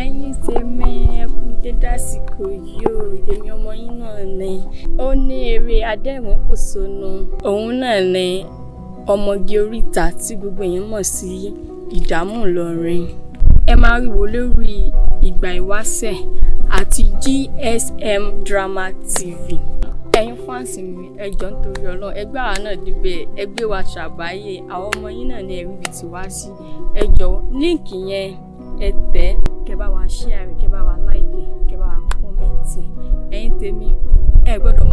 ẹ̀yin tèmi ẹkú dédé àsìkò yìí o èmi ọmọ yín náà ni ó ní eré adẹ́rùn pòṣónú òun náà ni ọmọge oríta tí gbogbo èèyàn mọ̀ sí ìdààmú Ìlọrin ẹ máa rí wo lórí ìgbà ìwáṣẹ̀ àti GSM Drama TV ẹ̀yin fáǹsì mi ẹ jọ̀ọ́ nítorí Ọlọ́run ẹgbẹ́ àwa náà débẹ̀ ẹgbẹ́ wa ṣàbáyé àwọn ọmọ yín náà ní ẹ̀rí ibi tí wá sí ẹ líǹkì yẹn ẹ tẹ̀ kẹ́ bá wa ṣíàrì kẹ́ bá wa láìkì kẹ́ bá wa kọ́mẹ́ǹtì ẹ̀yin tèmi ẹ gbọ́dọ̀